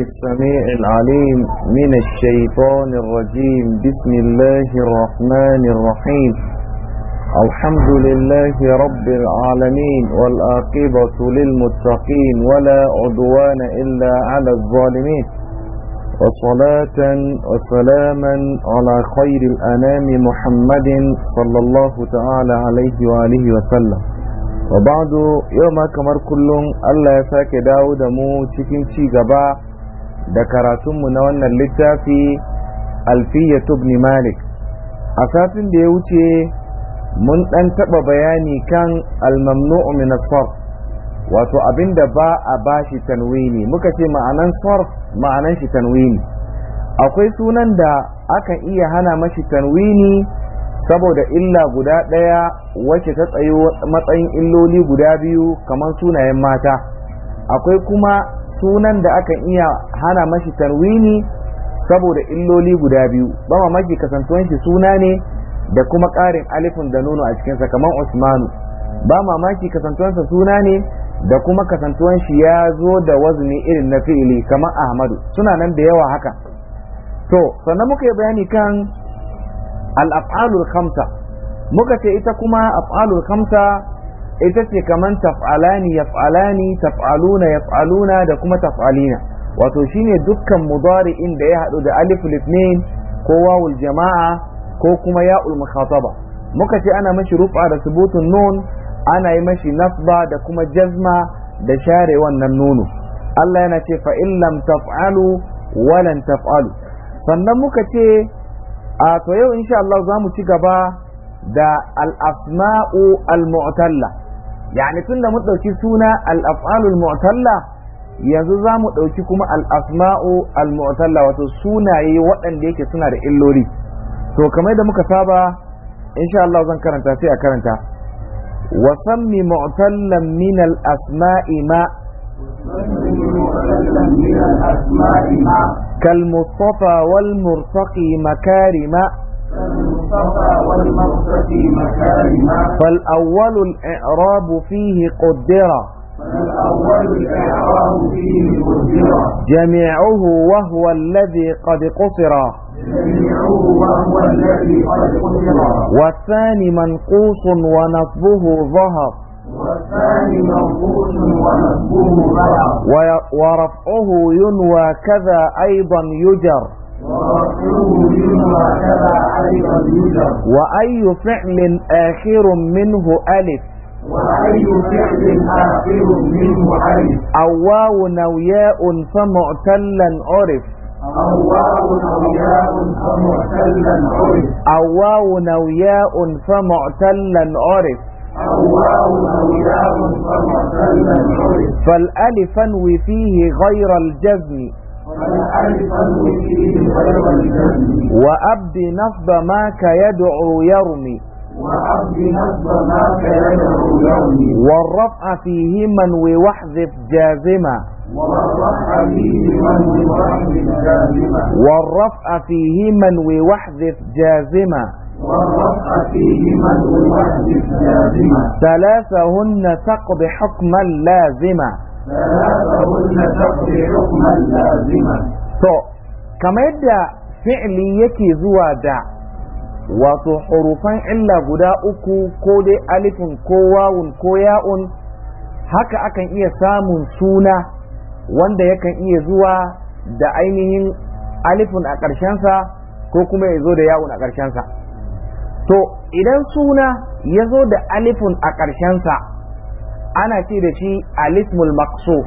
السميع العليم من الشيطان الرجيم بسم الله الرحمن الرحيم الحمد لله رب العالمين والآقبة للمتقين ولا عدوان إلا على الظالمين وصلاة وسلاما على خير الأنام محمد صلى الله تعالى عليه وآله وسلم wa ba'du yau ma kamar kullum Allah ya sake dawo da mu cikin ci gaba da karatunmu na wannan littafi alfiya tubni malik a satin da ya wuce mun ɗan taɓa bayani kan almamnu'u min sarf wato abinda ba a bashi tanwini muka ce ma'anan sarf ma'anan shi tanwini akwai sunan da akan iya hana mashi tanwini saboda illa guda ɗaya wacce ta tsayo matsayin illoli guda biyu kamar sunayen mata akwai kuma sunan da akan iya hana mashi tarwini saboda illoli guda biyu ba mamaki kasantuwan shi suna ne da kuma ƙarin alifin da nono a cikinsa kamar usmanu ba mamaki sa suna ne da kuma kasantuwan shi ya zo da wazini irin na fi'ili kamar ahmadu suna nan da yawa haka to sannan muka yi bayani kan al'af'alul khamsa muka ce ita kuma af'alul khamsa ita ce kaman taf'alani yaf'alani taf'aluna yaf'aluna da kuma taf'alina wato shine dukkan mudari'in da ya haɗu da alif litnin ko wawul jama'a ko kuma ya'ul mukhataba muka ce ana mashi rufa da subutun nun ana yi mashi nasba da kuma jazma da share wannan nunu Allah yana ce fa in lam taf'alu walan taf'alu sannan muka ce a to yau insha Allah za mu ci gaba da al-asma'u al-mu'talla yani tun da mu ɗauki suna al'af'alul mu'talla yanzu za mu ɗauki kuma al'asma'u al-mu'talla wato sunaye waɗanda yake suna da illoli to kamar da muka saba insha Allah zan karanta sai a karanta wasammi mu'tallan min al-asma'i ma murtaki makari ma. فالأول الإعراب فيه قدر فالأول الإعراب فيه قدر جميعه وهو الذي قد قصر جميعه وهو الذي قد قصر والثاني منقوص ونصبه ظهر والثاني منقوص ونصبه ظهر ورفعه ينوى كذا أيضا يجر وأي فعل آخر منه ألف وأي فعل آخر منه ألف أو واو نوياء فمعتلا عرف أو واو نوياء فمعتلا عرف أو واو نوياء فمعتلا عرف فالألف انوي فيه غير الجزم وأبد نصب ماك يدعو يرمي وعبد نصب ماك يدعو يرمي والرفع فيه من وحذف جازما والرفع فيه من وحذف جازما والرفع فيه من وحذف جازما والرفع فيه من وحذف جازما ثلاثهن تقضي حكما لازما to kamar yadda fi'li yake zuwa da wato hurufan illa guda uku ko dai alifin ko wawun ko ya'un haka akan iya samun suna wanda yakan iya zuwa da ainihin alifin a ƙarshensa ko kuma ya zo da ya'un a ƙarshensa to idan suna ya zo da alifin a ƙarshensa ana ce da shi alismul maqsuf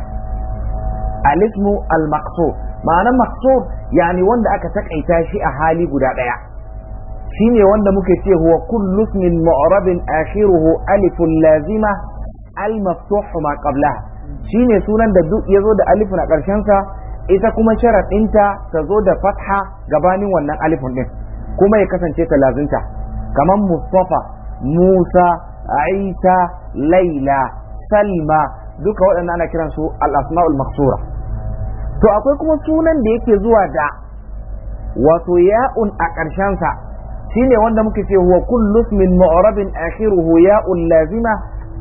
alismu al maqsuf ma'anar yani wanda aka takaita shi a hali guda shi shine wanda muke ce huwa kullu ismin mu'rabin akhiruhu alifun lazima al maftuh ma shi shine sunan da duk yazo da alif a karshen sa ita kuma ɗinta ta zo da fatha gabanin wannan alifun ɗin kuma ya kasance ta lazinta kamar mustafa musa isa laila salma duka waɗannan ana kiran su maksura to akwai kuma sunan da yake zuwa da wato ya'un a ƙarshensa shine wanda muke ce huwa kullu ismin mu'rabin akhiruhu ya'un lazima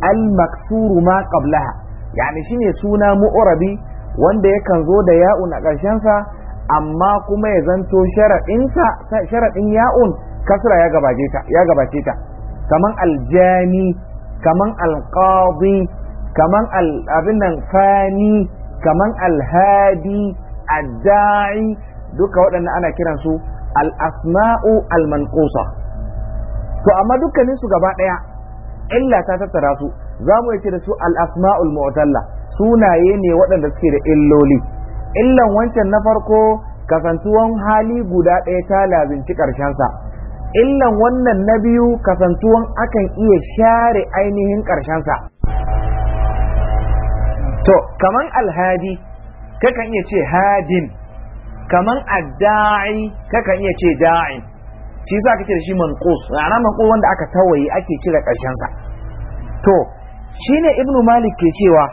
al-maksuru ma ƙablaha yani shine suna mu'rabi wanda yakan zo da ya'un a ƙarshensa amma kuma ya zanto sharaɗin ya'un kasra ya gabace ta kaman aljani kaman alqadi kaman abin nan fani kaman alhadi adda'i duka waɗannan ana kiransu al'asma'u al-manqusa to amma dukkanin su gaba ɗaya illa ta tattara su za mu yi da su al'asma'ul mu'talla sunaye ne waɗanda suke da illoli illan wancan na farko kasantuwan hali guda ɗaya ta labinci ƙarshensa illan wannan na biyu kasantuwan akan iya share ainihin ƙarshensa to kaman alhadi kakan iya ce hadin kaman adda'i kakan iya ce da'in shi za kake da shi manqus ma'ana manqus wanda aka tawaye ake cire ƙarshensa to shine ibnu malik ke cewa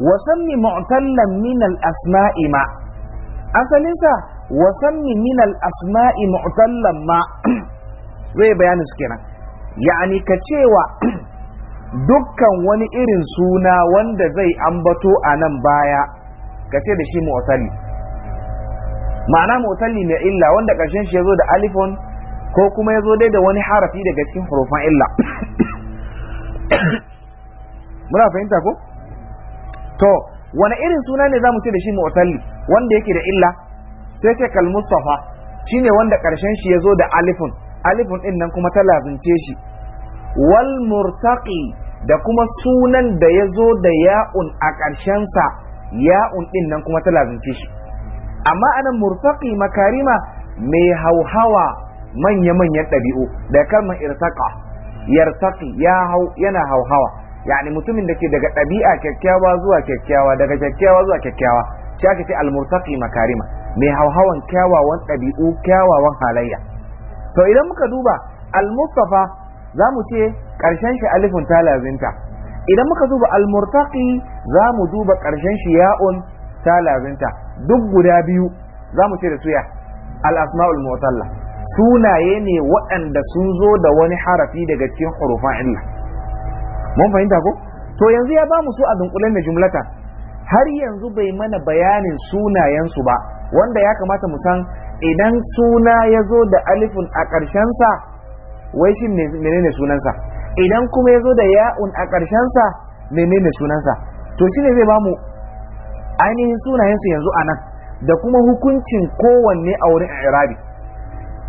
wasanni mu'tallan min al-asma'i ma asalinsa wasanni min al-asma'i mu'tallan ma zai bayanin su kenan ya'ani ka cewa dukkan wani irin suna wanda zai ambato a nan baya ka ce da shi mu'tali ma'ana mu'tali ne illa wanda ƙarshen shi yazo da alifon ko kuma yazo dai da wani harafi daga cikin hurufan illa muna fahimta ko to wani irin suna ne za mu ce da shi mu'tali wanda yake da illa sai ce kal mustafa shine wanda karshen shi yazo da alifun alifun din nan kuma ta lazunce shi wal murtaqi da kuma sunan da yazo da ya'un a karshen sa ya'un din nan kuma ta lazunce shi amma anan murtaqi makarima mai hauhawa manya manyan ɗabi'u da kalmar irtaqa yartaqi ya hau yana hauhawa yani mutumin da ke daga ɗabi'a kyakkyawa zuwa kyakkyawa daga kyakkyawa zuwa kyakkyawa shi ake sai al-murtaqi makarima mai hauhawan kyawawan ɗabi'u kyawawan halayya to idan muka duba al-mustafa za mu ce ƙarshen shi alifin ta idan muka duba al-murtaqi za mu duba ƙarshen shi ya'un ta duk guda biyu za mu ce da suya al-asma'ul mu'talla sunaye ne waɗanda sun zo da wani harafi daga cikin hurufan illa mun fahimta ko to yanzu ya ba mu su a dunkulen da jumlata, har yanzu bai mana bayanin sunayensu ba wanda ya kamata mu san idan suna ya zo da alifun a ƙarshensa wai shi menene sunansa idan kuma ya zo da ya'un a ƙarshensa menene sunansa to shi ne zai ba mu ainihin sunayensu yanzu a nan da kuma hukuncin kowanne a wurin irabi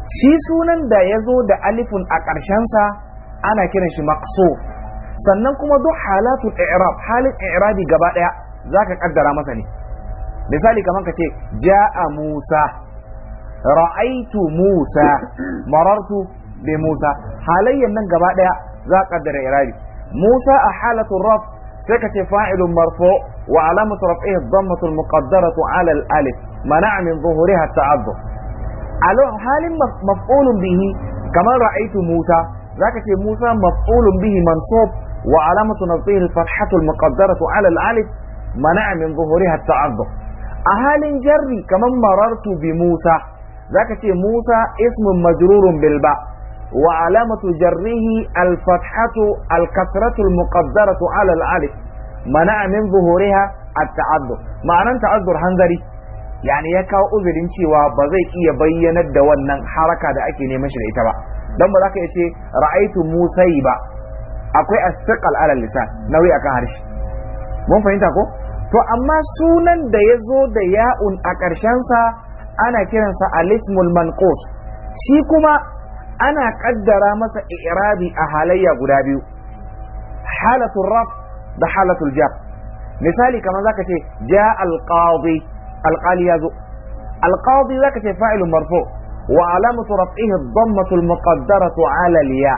shi sunan da ya zo da alifun a ƙarshensa ana kiran shi maqsu sannan kuma duk halatun i'rab halin i'rabi gaba ɗaya zaka ƙaddara masa ne misali kamar ka ce ja'a musa ra'aitu musa marartu bi musa halayyan nan gaba daya za ka kaddara irabi musa a halatu raf sai ka ce fa'ilun marfu wa alamatu raf'ihi dhammatu al-muqaddaratu ala al-alif mana'a min zuhuriha at-ta'addud alo halin maf'ulun bihi kamar ra'aitu musa zaka ce musa maf'ulun bihi mansub wa alamatu nasbihi al-fathatu al-muqaddaratu ala al-alif mana'a min zuhuriha at-ta'addud a halin jarri kamar marartu bi Musa zaka ce Musa ismun majrurun bilba, wa alamatu jarrihi al fathatu al kasratu al muqaddaratu ala al alif mana'a min zuhuriha at taaddu ma'anan ta'addur hanzari yani ya kawo uzurin cewa ba zai iya bayyanar da wannan haraka da ake neman shi da ita ba dan ba za ka iya ce ra'aitu musai ba akwai as-siqal ala lisan nauyi akan harshe mun fahimta ko to amma sunan da ya zo da ya'un a ƙarshensa ana kiransa alismul manqus shi kuma ana ƙaddara masa i'rabi a halayya guda biyu halatul raf da halatul jar misali kamar zaka ce ja alqadi alqali yazo alqadi zaka ce fa'ilun marfu wa alamatu raf'ihi ad-dammatu al-muqaddaratu 'ala al-ya'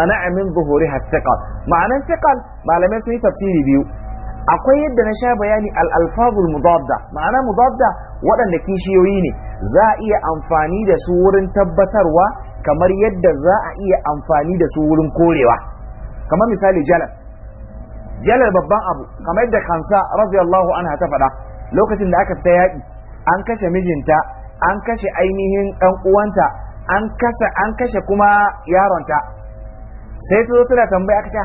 mana'a min dhuhuriha thiqal ma'anan thiqal malamai sun yi tafsiri biyu akwai yadda na sha bayani al-alfazul mudadda ma'ana mudadda waɗanda kishiyoyi ne za a iya amfani da su wurin tabbatarwa kamar yadda za a iya amfani da su wurin korewa kamar misali jalal jalal babban abu kamar yadda kansa radiyallahu anha ta faɗa lokacin da aka fita yaƙi an kashe mijinta an kashe ainihin ɗan uwanta an kasa an kashe kuma yaronta sai ta zo tana tambaya aka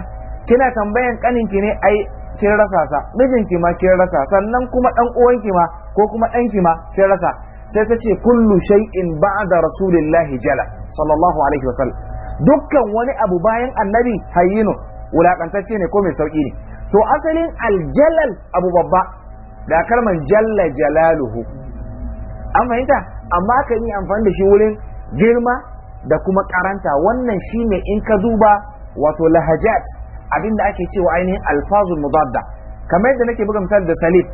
kina tambayan kaninki ne ai kin rasa sa mijinki ma kin rasa sannan kuma dan uwanki ma ko kuma ɗanki ma kin rasa sai ta ce kullu shay'in ba'da rasulillahi jala sallallahu alaihi wasallam dukkan wani abu bayan annabi hayyinu wulakantacce ne ko mai sauki ne to asalin aljalal abu babba da kalman jalla jalaluhu an fahimta amma kan yi amfani da shi wurin girma da kuma karanta wannan shine in ka duba wato lahajat abin da ake cewa ainihin alfazul mudadda kamar yadda nake buga misali da salim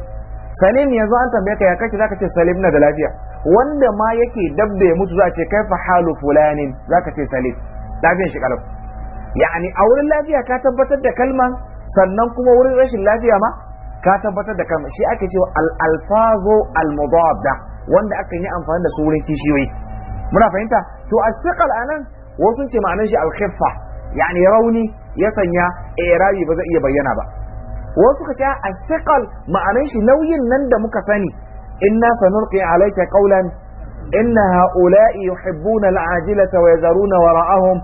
salim yanzu an tambaye ka ya kake zaka ce salim na da lafiya wanda ma yake dab da ya mutu za a ce kaifa halu fulanin zaka ce salim lafiyan shi kalau yani a wurin lafiya ka tabbatar da kalman sannan kuma wurin rashin lafiya ma ka tabbatar da kalman shi ake cewa al alfazo al mudadda wanda aka yi amfani da su wurin kishiyoyi muna fahimta to a anan wasu ce ma'anar shi al khiffa yani rauni ya sanya irabi ba zai iya bayyana ba wasu ka ce asiqal ma'anar shi nauyin nan da muka sani inna sanulqi alayka qawlan inna ha'ula'i yuhibbuna al'ajilata wa yazaruna wara'ahum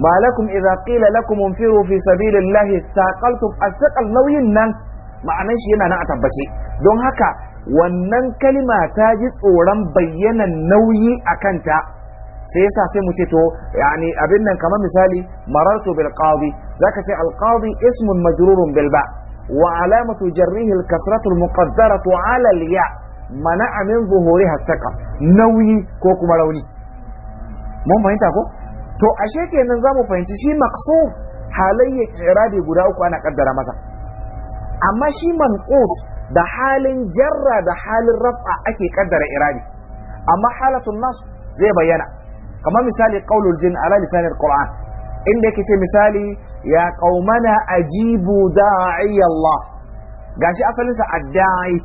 ما لكم إذا قيل لكم انفروا في سبيل الله ثاقلتم nauyin nan ma'anar shi yana nan a tabbace don haka wannan kalima ta ji tsoron bayyanan nauyi a kanta sai yasa sai mu ce to yani abin nan kamar misali marartu bil qadi zaka ce al qadi ismun majrurun bil ba wa alamatu jarrihi al kasratu al muqaddaratu ala al ya mana'a min zuhuriha taqa nauyi ko kuma rauni mun fahimta ko to ashe kenan zamu fahimci shi maqsur halayya irabi guda uku ana kaddara masa amma shi manqus da halin jarra da halin raf'a ake kaddara irabi amma halatun nas zai bayyana kamar misali qaulul jin ala lisanil qur'an inda yake ce misali ya qaumana ajibu da'i Allah gashi asalin sa adda'i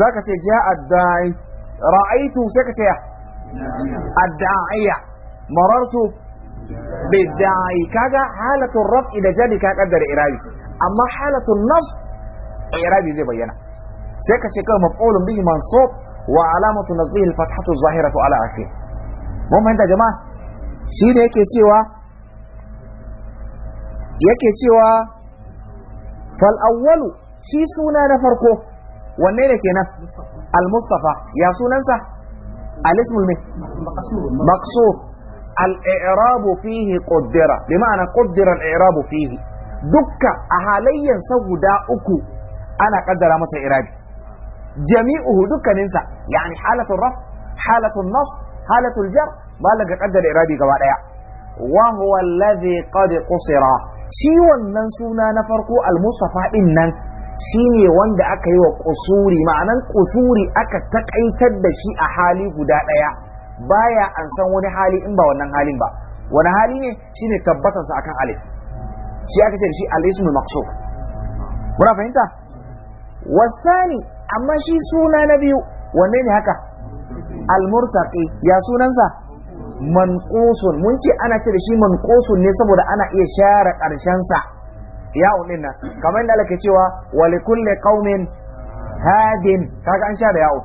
zaka ce ja adda'i ra'aitu sai ka ce adda'iya marartu bidda'i kaga halatul raf'i da jadi ka kaddara irabi amma halatul nasb irabi zai bayyana sai ka ce kawai maf'ulun bihi mansub wa alamatu nasbihi al-fathatu adh ala akhirih mun fahimta jama'a shi ne yake cewa yake cewa fal shi suna na farko wanne ne kenan al mustafa ya sunansa al ismul me maqsur al i'rabu fihi qaddara bi ma'ana al i'rabu fihi dukka a sa guda uku ana kaddara masa irabi jami'uhu dukkaninsa yani halatu raf halatu nasb halatul jar balaga kaddara irabi gaba daya wa huwa alladhi qad qusira shi wannan suna na farko al-musafa din nan shine wanda aka yi wa kusuri ma'anan kusuri aka takaitar da shi a hali guda daya baya an san wani hali in ba wannan halin ba wani hali ne shine tabbatarsa akan alif shi aka ce da shi al-ismul maqsuf muna fahimta wasani amma shi suna na biyu wanne ne haka almurtaqi ya sunansa manqusun mun ce ana ce da shi manqusun ne saboda ana iya share karshen sa ya unina kamar inda Allah ke cewa wa likulli qaumin hadin kaga an share yawo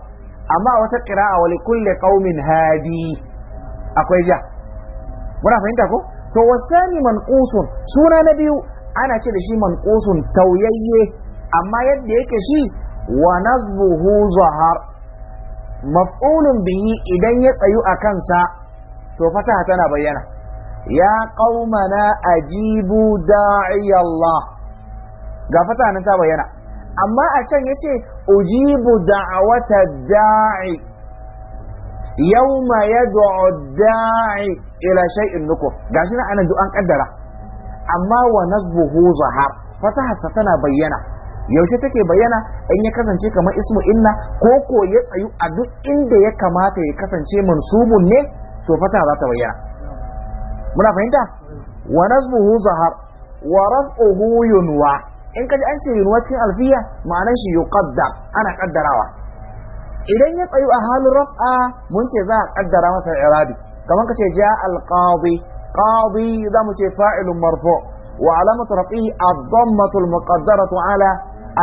amma wata qira'a wa likulli qaumin hadi akwai ja muna fahimta ko to wasani manqusun suna na biyu ana ce da shi manqusun tauyayye amma yadda yake shi wa nazbuhu zahar maf'ulun biyi, idan ya tsayu a kansa to fasaha tana bayyana ya qaumana ajibu da'i Allah ga fasaha nan ta bayyana amma a can yace ujibu da'awata da'i yawma yad'u da'i ila shay'in nukur gashi nan anan du'an an kaddara amma wa nasbuhu zahar fasaha tana bayyana yaushe take bayyana in ya kasance kamar ismu inna ko ko ya tsayu a duk inda ya kamata ya kasance mansubun ne to fata za ta bayyana muna fahimta wa nasbuhu zahar wa raf'uhu yunwa in kaji an ce yunwa cikin alfiya ma'anar shi yuqaddar ana kaddarawa idan ya tsayu a halin raf'a mun ce za a kaddara masa irabi kamar kace ja alqadi qadi za mu ce fa'ilun marfu' وعلامة رفعه الضمة المقدرة على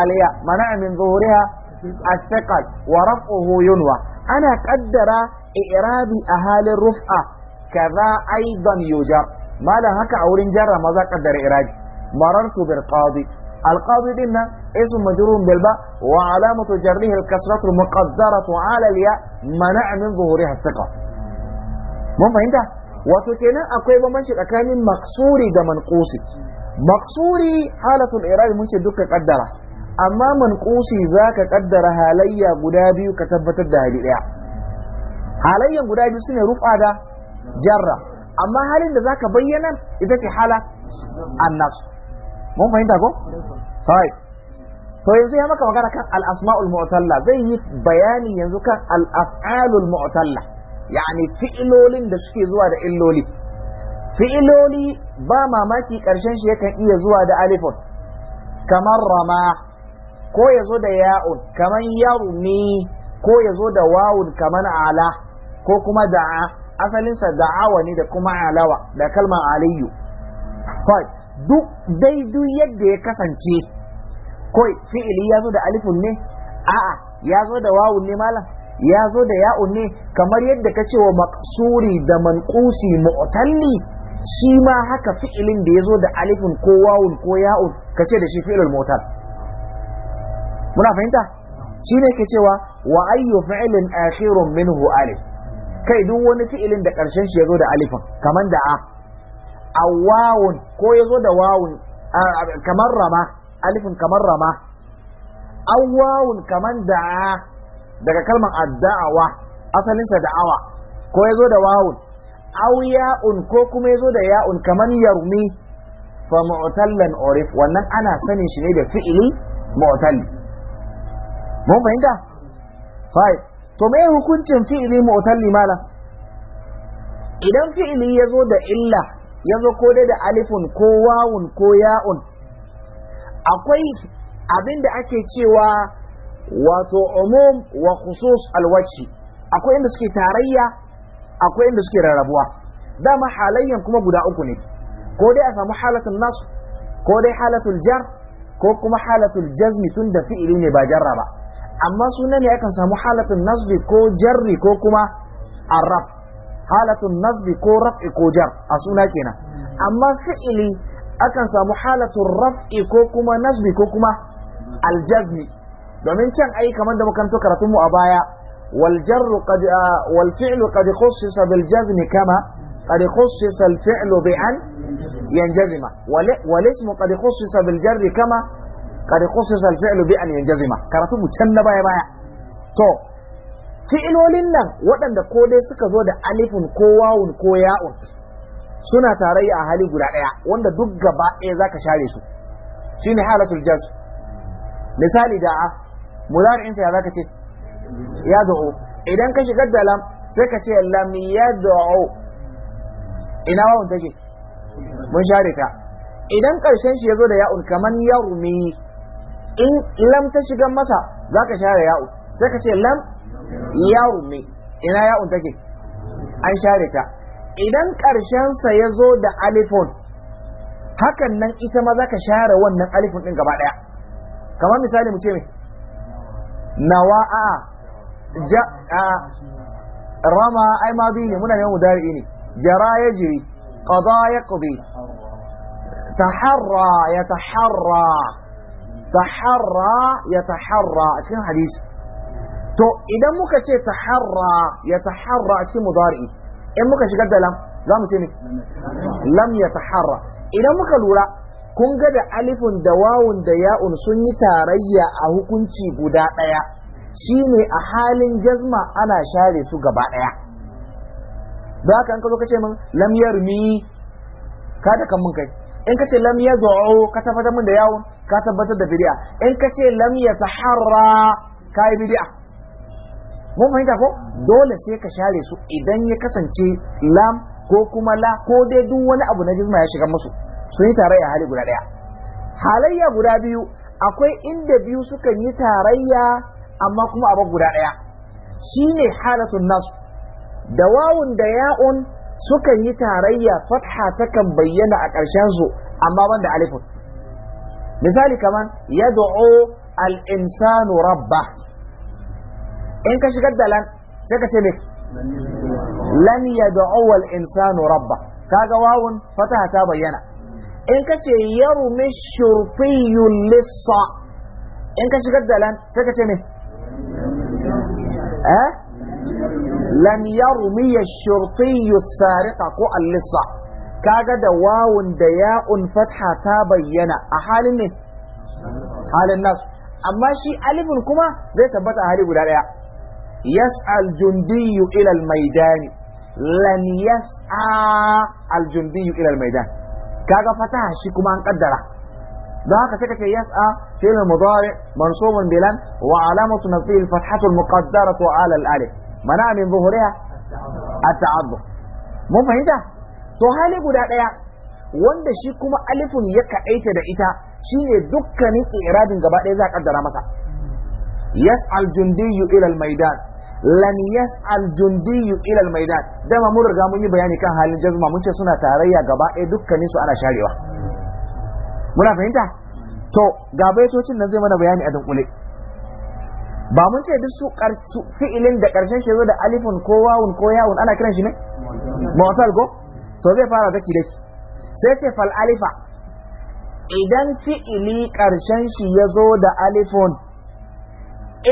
الياء منع من ظهورها الثقل ورفعه ينوى أنا قدر إعراب أهالي الرفعة كذا أيضا يجر ما هكا اول جر ماذا قدر إعراب مررت بالقاضي القاضي دينا اسم مجرور بالباء وعلامة جره الكسرة المقدرة على الياء منع من ظهورها الثقة مهم انت wato kenan akwai bambanci tsakanin دا da manqusi حالة halatul irabi mun ce amma za zaka ƙaddara halayya guda biyu ka tabbatar da hali ɗaya. halayyan guda biyu sune rufa da jarra amma halin da zaka bayyana ita ce hala annas mun fahimta ko sai to yanzu ya maka magana kan al asmaul zai yi bayani yanzu kan al af'alul mu'talla yani fi'ilolin da suke zuwa da illoli fi'iloli ba mamaki ƙarshen shi yakan iya zuwa da alifun kamar rama ko ya zo da ya'un kaman yarmi ko ya zo da wawun kaman ala ko kuma da'a asalinsa da'awa ne da kuma alawa da kalmar aliyu duk dai du yadda ya kasance koi fi'ili ya zo da alifun ne a'a ya zo da wawun ne malam ya zo da ya'un ne kamar yadda ka ce wa maksuri da manqusi mu'talli shi ma haka fi'ilin da ya zo da alifun ko wawun ko ya'un ka ce da shi fi'ilul mu'tal muna fahimta shi ne ke cewa wa ayyu fi'lin akhirun minhu alif kai duk wani fi'ilin da karshen shi yazo da alifin kaman da a awawun ko yazo da wawun kamar rama alifin kamar rama awawun kaman da a daga kalmar adda'awa asalinsa da'awa ko yazo da wawun aw ya'un ko kuma yazo da ya'un kaman yarmi fa mu'tallan urif wannan ana sanin shi ne da fi'ili mu'tal mun fahimta fai to me hukuncin fi'ili mu'tal limala idan fi'ili ya zo da illa ya zo ko da alifun ko wawun ko ya'un akwai abinda ake cewa wato umum wa khusus alwaci akwai inda suke tarayya akwai inda suke rarrabuwa dama halayyan kuma guda uku ne ko dai a samu halatul nas ko dai halatul jar ko kuma halatul jazmi tun da fi'ili ne ba jarra ba amma sunan ne akan samu halatun nasbi ko jarri ko kuma arab halatun nasbi ko raf'i ko jar a suna kenan amma fi'ili akan samu halatun raf'i ko kuma nasbi ko kuma aljazmi domin can ai kamar da makarantu karatun mu a baya wal jarru qad wal fi'lu qad khussisa bil jazmi kama قد خصص الفعل بأن ينجزم والاسم قد خصص بالجر كما qad khussisa al-fi'lu bi an yanjazima karatu mu can na baya baya to fi'ilolin nan waɗanda ko dai suka zo da alifun ko wawun ko ya'un suna tarayya a hali guda ɗaya wanda duk gaba ɗaya zaka share su shine halatul jaz misali da mudari'insa ya zaka ce ya da'u idan ka shigar da lam sai ka ce lam ya da'u ina wawun take mun share ta idan ƙarshen shi ya zo da ya'un kamar yarumi in lam ta shiga masa za ka share ya'u sai ka ce lam ya'u ne ina ya'un take an share ta idan ƙarshensa ya zo da alifon hakan nan ita ma za ka share wannan alifun ɗin gaba ɗaya kamar misali mu ce mai nawa a ja a rama ai ma bi ne muna neman mudari ne jara ya jiri ƙaza ya ta harra ya harra taharra ya taharra a cikin hadisi to idan muka ce taharra ya taharra a cikin mudari in muka shigar da lam za mu ce ne lam ya taharra idan muka lura kun ga da alifun da wawun da ya'un sun yi tarayya a hukunci guda ɗaya shine a halin jazma ana share su gaba ɗaya za ka an ka zo ka ce min lam yarmi ka da kan mun kai in ka ce lam zo ka tabbatar min da yawon ka tabbatar da bid'a in ka ce lam yataharra ka yi bid'a mun fahimta ko dole sai ka share su idan ya kasance lam ko kuma la ko dai duk wani abu na jizma ya shiga musu su yi tarayya hali guda daya halayya guda biyu akwai inda biyu suka yi tarayya amma kuma abu guda daya shine halatun nasu da wawun da ya'un sukan yi tarayya fatha kan bayyana a ƙarshen su amma banda alifun misali kaman yad'u al-insanu rabba in ka shigar da lan sai ka ce me lan yad'u al-insanu rabba kaga wawun fataha ta bayyana in ka ce yarmi shurfiyul lissa in ka shigar da lan sai ka ce me eh لن يرمي الشرطي السارق قوى اللصة كاغا دواو واو فتحة تابينا أحال نه حال الناس أما شيء ألف كما زي تبت أهالي قدار يسعى الجندي إلى الميدان لن يسعى الجندي إلى الميدان كاغا فتحة شيء كما انقدره ده كسكة يسعى فعل المضارع منصوب بلن وعلامة نصبه الفتحة المقدرة على الألف mana min zuhuriha at-ta'addu mun fahimta to hali guda daya wanda shi kuma alifun ya kaita da ita shine dukkanin iradin gaba daya za a kaddara masa yas'al jundiyyu ila al-maidan lan yas'al jundiyyu ila al-maidan dama mun riga mun yi bayani kan halin jazma mun ce suna tarayya gaba daya dukkanin su ana sharewa muna fahimta to ga baitocin nan zai mana bayani a dunkule ba mun ce duk su fi'ilin da karshen shi zo da alifun ko wawun ko yawun ana kiran shi ne mawasal ko to zai fara daki daki sai ce fal alifa idan fi'ili karshen shi ya zo da alifun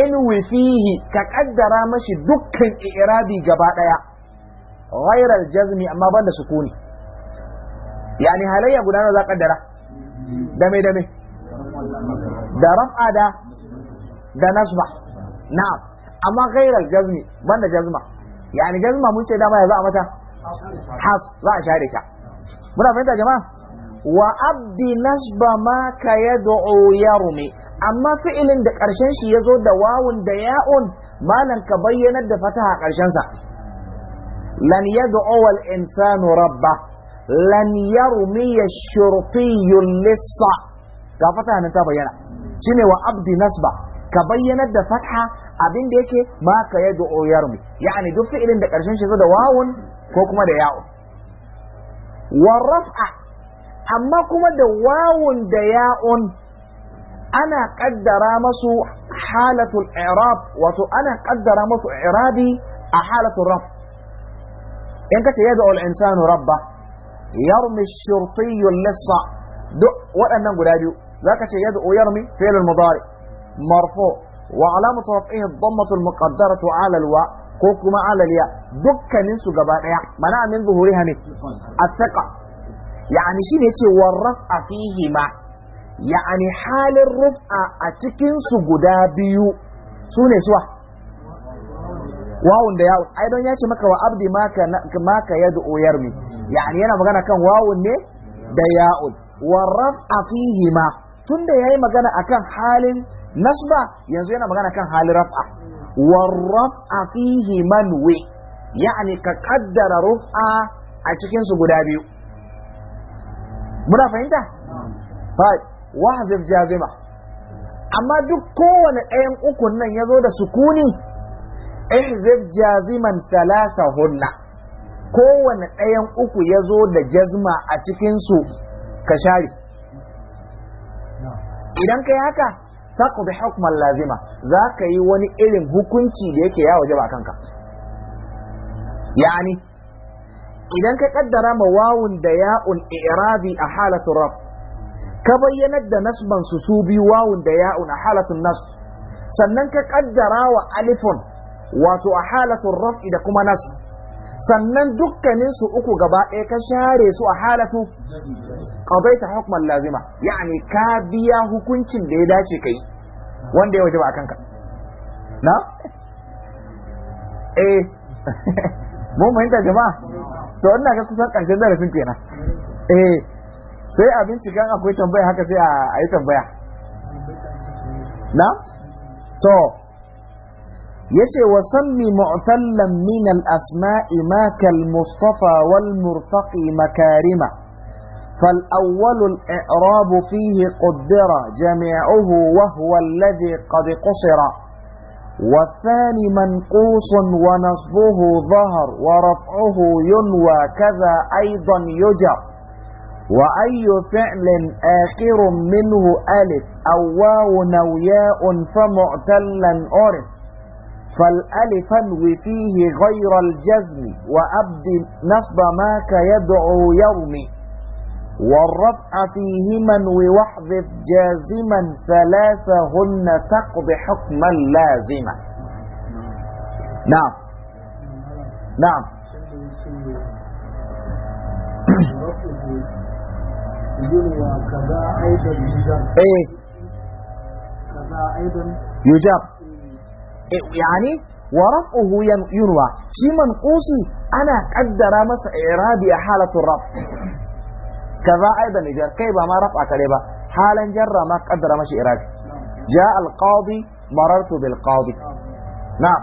in wifihi ka kaddara mashi dukkan i'rabi gaba daya ghairal jazmi amma banda sukuni yani halayya guda nawa za kaddara dame dame da raf'a da da nasba na'am amma ghairal jazmi banda jazma yani jazma mun ce dama ya za a mata has za a share ta muna fahimta jama'a wa abdi nasba ma ka yad'u yarmi amma fi'ilin da karshen shi yazo da wawun da ya'un malan ka bayyanar da fataha karshen sa lan yad'u wal insanu rabba lan yarmi ash lissa ga fataha nan ta bayyana shine wa abdi nasba ka bayyanar da fatha abin da yake ma ka ya du'o yarmi yani duk fi'ilin da karshen shi da wawun ko kuma da ya'un Warrafa amma kuma da wawun da ya'un ana kaddara masu halatul i'rab wato ana kaddara masu i'rabi a halatul raf in kace ya al-insanu rabba yarmi ash lissa duk waɗannan guda biyu zaka ce ya du'o yarmi fi'il mudari' marfu' wa alamatu raf'ihi ad-dammatu al-muqaddaratu 'ala al-wa ko kuma 'ala al-ya dukkanin su gaba daya mana min zuhuriha ne athaqa yani shine ce warraf'a fihi ma yani halin ruf'a a cikin su guda biyu Su ne suwa wawun da yawun ai don ya ce maka wa abdi maka maka yadu yarmi yani yana magana kan wawun ne da ya'un warraf'a fihi ma tunda yayi magana akan halin nasba yanzu yana magana kan hali raf'a raf'a fihi manwi yani ka kaddara ruf'a a cikin su guda biyu muna fahimta fa wahzif jazima amma duk kowane ɗayan ukun nan yazo da sukuni ihzif jaziman salasa hunna kowane ɗayan uku yazo da jazma a cikinsu ka share idan kai haka taqdi hukman lazima za ka yi wani irin hukunci da yake ya waje kanka yani idan ka kaddara ma wawun da ya'un i'rabi a halatul raf ka bayyanar da nasban su su bi wawun da ya'un a halatul nas sannan ka kaddara wa alifun wato a halatul raf'i da kuma Nas. sannan dukkanin su uku gaba ɗaya ka share su a halatu qadaita hukman lazima yani ka biya hukuncin da ya dace kai wanda ya wajaba akan ka na eh mun fahimta jama'a to wannan ga kusan ƙarshen darasin kenan eh sai a binciken akwai tambaya haka sai a yi tambaya na to yace wa معتلا من الاسماء ما كالمصطفى والمرتقي kal فالأول الإعراب فيه قدر جميعه وهو الذي قد قصر والثاني منقوص ونصبه ظهر ورفعه ينوى كذا أيضا يجر وأي فعل آخر منه ألف أو واو أو ياء فمعتلا عرف فالالف انوي فيه غير الجزم وابد نصب ما كيدعو يومي والرفع فيهما انوي واحذف جازما ثلاثهن تقضي حكما لازما نعم نعم ايه كذا ايضا يجاب يعني ورفعه ينوى شي منقوصي أنا قدر مس إعرابي حالة الرفع كذا أيضا جر كيف ما رفع كذا حالا جر ما قدر مس إعرابي جاء القاضي مررت بالقاضي نعم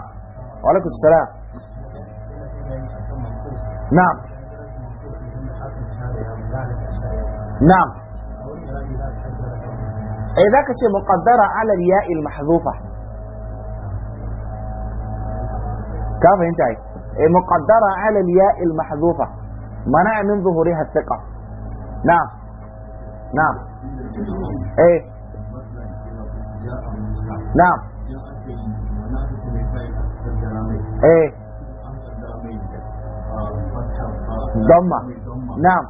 وعليكم السلام نعم نعم إذا كنت مقدرة على الياء المحذوفة كيف انت إيه، مقدره على الياء المحذوفه منع من ظهورها الثقه نعم نعم ايه نعم ايه ضمة نعم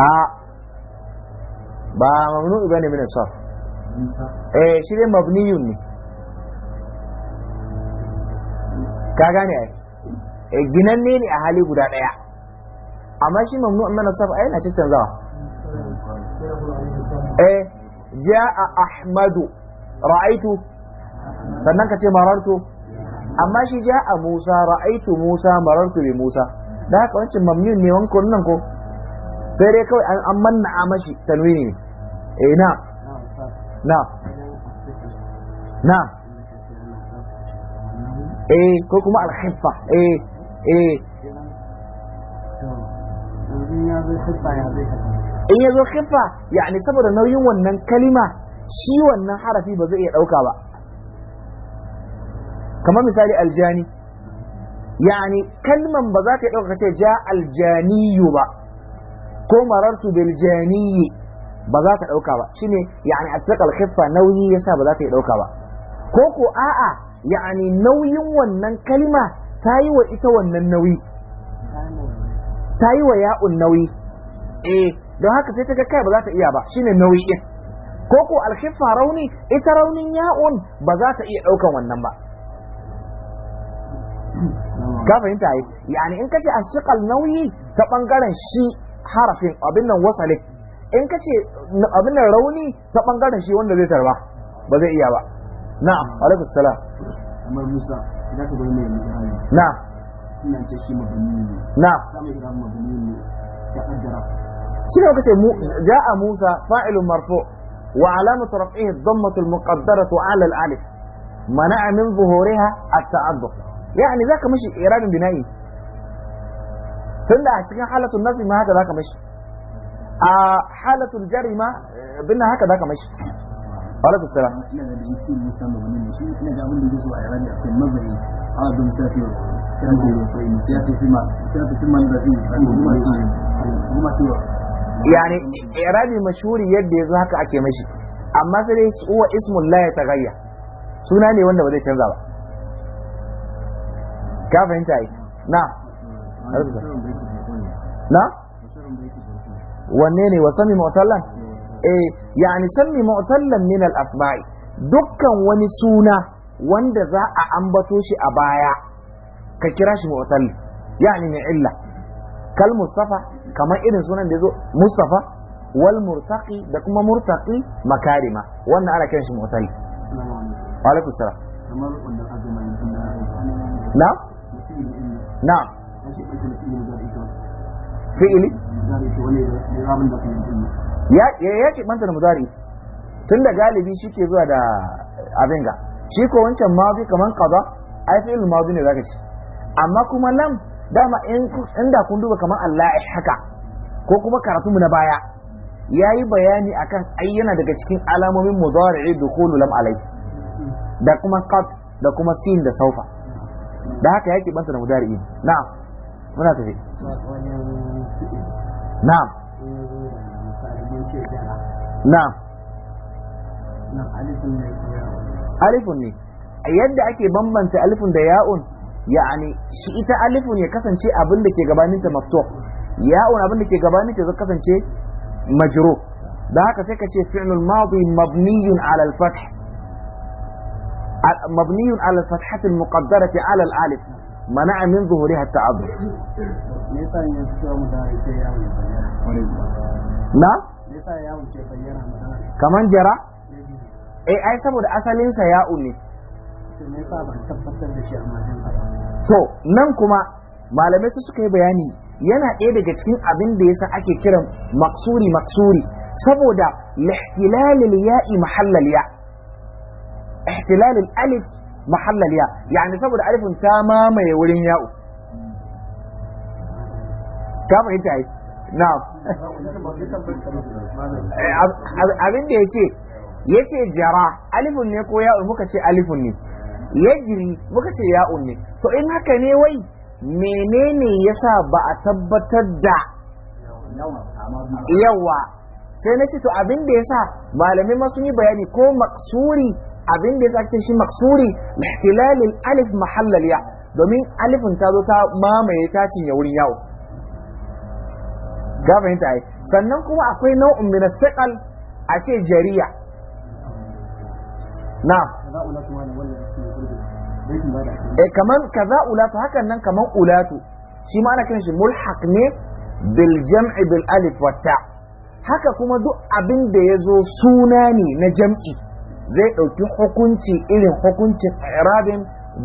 آه. با ممنوع يبني من الصرف ايه شيء مبني يوني ka gane ai eh, ginanne ne a hali guda daya amma shi mamnu Amma na safa ai na canzawa eh ja'a ahmadu ra'aitu sannan ka ce marartu amma shi ja'a musa ra'aitu musa marartu bi musa da haka wancan mamnun ne wanko nan ko sai dai kawai an manna a mashi tanwini eh na na na eh ko kuma alkhiffa eh eh in ya zo khiffa yani saboda nauyin wannan kalima shi wannan harafi ba zai iya ɗauka ba kamar misali aljani yani kalman ba za ka ɗauka ce ja aljaniyu ba ko marartu bil janiyi ba za ka ɗauka ba shine ne asraq al khiffa nauyi sa ba za ka ɗauka ba ko ko a'a ya'ani nauyin wannan kalma ta yi wa ita wannan nauyi ta yi wa ya'un nauyi eh don haka sai ta ga kai ba za ta iya ba shine nauyi din ko ko alkhifa rauni ita raunin ya'un ba za ta iya daukan wannan ba ka fahimta yi yani in kace ashqal nauyi ta bangaren shi harafin abin nan wasale in kace abin nan rauni ta bangaren shi wanda zai tarba ba zai iya ba نعم عليك السلام عمر موسى ذاك بني نعم انت شي مبني نعم كما مبني شنو كتب مو... جاء موسى فاعل مرفوع وعلامة رفعه الضمة المقدرة على الألف منع من ظهورها التعذر يعني ذاك مش إيران بنائي فلا عشان حالة الناس ما هكذا ذاك مشي آه، حالة الجريمة إيه، بنا هكذا ذاك مشي wala ku sara ina da ya yadda yazo haka ake mashi amma sai dai huwa ismul la ya tagayya suna ne wanda ba canza ba ka fahimta ai na wanne ne wasami mutallan eh yani sammi mu'tallan min al-asma'i dukkan wani suna wanda za a ambato shi a baya ka kira shi mu'tall yani mai illa kal mustafa kamar irin sunan da zo mustafa wal murtaqi da kuma murtaqi makarima wannan ana kiran shi mu'tall wa alaikum salam na na fi'ili ya ya yaki mantar muzari tun da galibi shi ke zuwa da abin ga shi ko wancan mawafi kamar kaza ai fi ilmu mazi ne zaka ci amma kuma nan dama in da kun duba kaman Allah ya haka ko kuma karatu mu na baya ya yi bayani akan ai yana daga cikin alamomin mudari'i dukhulu lam alai da kuma qad da kuma sin da saufa da haka yake banta da mudari'i na'am muna tafi na'am na'am alifun ne yadda ake bambanta alifun da ya'un yani shi ita alifun ya kasance abin da ke gabaninta maftuh ya'un abin da ke gabaninta zai kasance majro da haka sai ka ce fi'lul madi mabniyun ala al-fath mabniyun ala al-fathah al-muqaddarah ala al-alif منع من ظهورها التعذر. ليس ان يذكر مدارس يا نعم kaman jara eh ai saboda asalin sa ya ne to nan kuma malamai su suka yi bayani yana ɗaya daga cikin abin da yasa ake kiran maksuri maksuri saboda lihtilalil ya'i mahallal ya ihtilalil alif mahallal ya yani saboda alifin ta mamaye wurin ya'u ka fahimta ai Eh, abin da yace yace jara alifun ne ko ya'un muka ce alifun ne jiri muka ce ya'un ne to in haka ne wai menene sa ba a tabbatar da yawa sai na ce to abin da yasa malamai ma sun yi bayani ko maksuri abin da sa ce shi maksuri mahtilalin alif mahallal ya domin alifin ta zo ta mamaye ta cinye wurin yawo ka ai sannan kuma akwai nau'in min asqal a ce jariya na eh kaman ulatu hakan nan kaman ulatu shi ma ana kiran shi mulhaq ne bil jam'i bil alif wa ta haka kuma duk abin da ya zo suna ne na jam'i zai ɗauki hukunci irin hukuncin irabin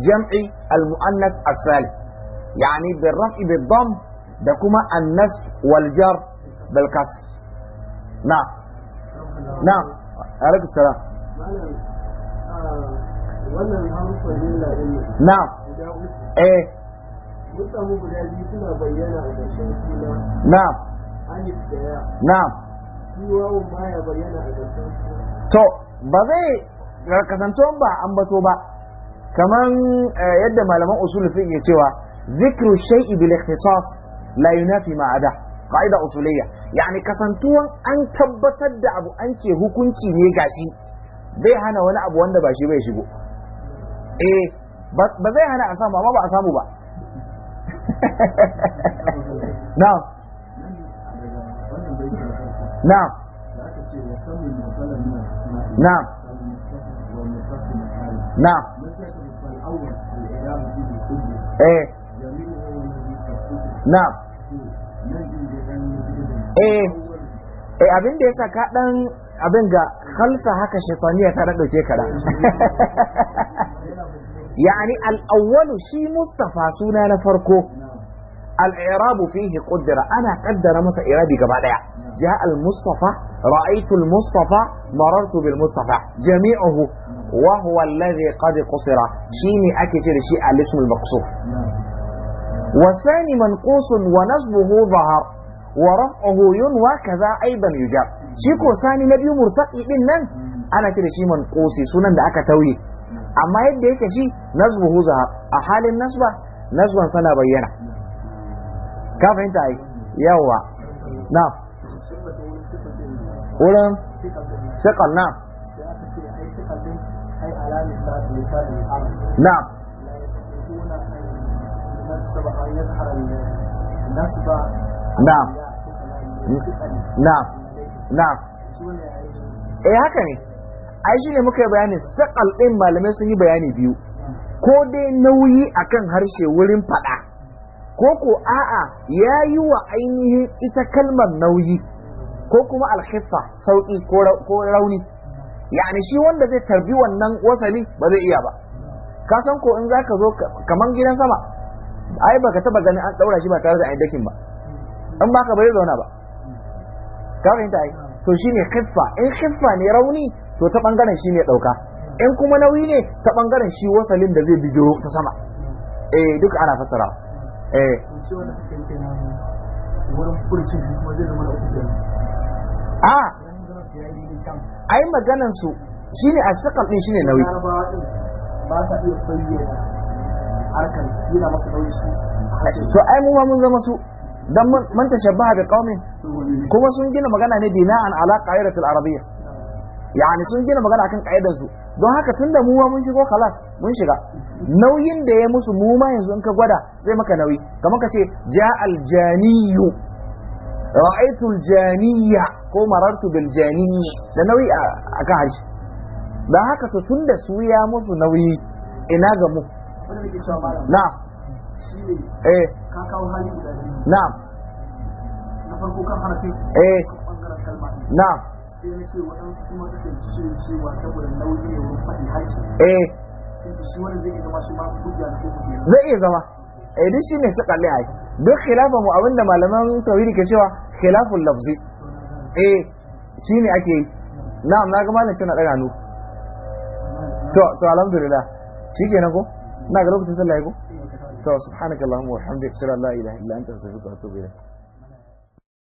jam'i al-mu'annas as-salih yani bil raf'i bil dhamm da kuma annas Waljar jar bil na na alaikum salam na eh mutamu guda biyu suna bayyana a ƙarshen suna na alif na shi bayyana a ƙarshen suna to ba zai kasanto ba ambato ba kaman eh, yadda malaman usul fiƙe cewa zikru shay'i bil ikhtisas la yunafi ma'ada qa'ida usuliyya yani kasantuwan an tabbatar da abu an ce hukunci ne gashi bai hana wani abu wanda ba shi bai shigo eh ba zai hana a samu amma ba a samu ba na'am na'am na'am na'am na. na'am eh eh abin da yasa ka dan abin ga khalsa haka shaytaniya ta da dauke ka da yani al-awwal shi mustafa suna na farko al-i'rab fihi qaddara ana qaddara masa irabi gaba daya ja al-mustafa ra'aytu al-mustafa marartu bil-mustafa jami'uhu wa huwa alladhi qad qusira shine ake ce da shi al-ism al-maqsur والثاني منقوص ونصبه ظهر ورفعه ينوى كذا Sani na biyu ثاني نبي مرتقي ان انا shi شي منقوص سنن da aka tauye amma yadda yake shi nasbuhu zahar a halin nasba nasban sana bayyana ka fahimta ai yawa na wurin shakal na na na'am na'am na'am eh ne ai muka yi bayani sakal ɗin malamai sun yi bayani biyu ko dai nauyi akan harshe wurin faɗa. ko ko a'a ya yi wa ainihin ita kalmar nauyi ko kuma alhifa sauƙi, ko rauni yani shi wanda zai tarbi wannan wasali ba zai iya ba ka san ko in za ka zo kamar gidan sama ai baka taba gani an daura shi ba tare da a'idakin dakin ba in ba ka bari zauna ba ka fahimta ai to shine khiffa in khiffa ne rauni to ta bangaren shi ne dauka in kuma nauyi ne ta bangaren shi wasalin da zai bijiro ta sama eh duk ana fasara eh a ai maganan su shine a shakal din shine nauyi ba ta iya harkan yana masa nauyi su to ai mu ma mun zama su dan man tashabbaha bi qaumin kuma sun gina magana ne bina'an ala al arabiyya yani sun gina magana akan ka'idar su don haka tunda mu ma mun shigo kalas mun shiga nauyin da ya musu mu ma yanzu in ka gwada sai maka nauyi kamar ka ce ja'al janiyyu ra'aytu al-janiyya ko marartu bil janiyyi da nauyi a kan harshe don haka to tunda su ya musu nauyi ina ga mu na eh. ka na na eh. na ce waɗansu kuma suke cewa ne wurin faɗi eh. zai iya zama eh duk ne su kalle ai duk khilafa mu abinda malaman tauhidi ke cewa khilaful lafzi eh ne ake yi na'am na ga shi na daga to to alhamdulillah kenan ko ناقل وقت سبحانك اللهم وبحمدك اشهد ان لا اله الا انت استغفرك واتوب اليك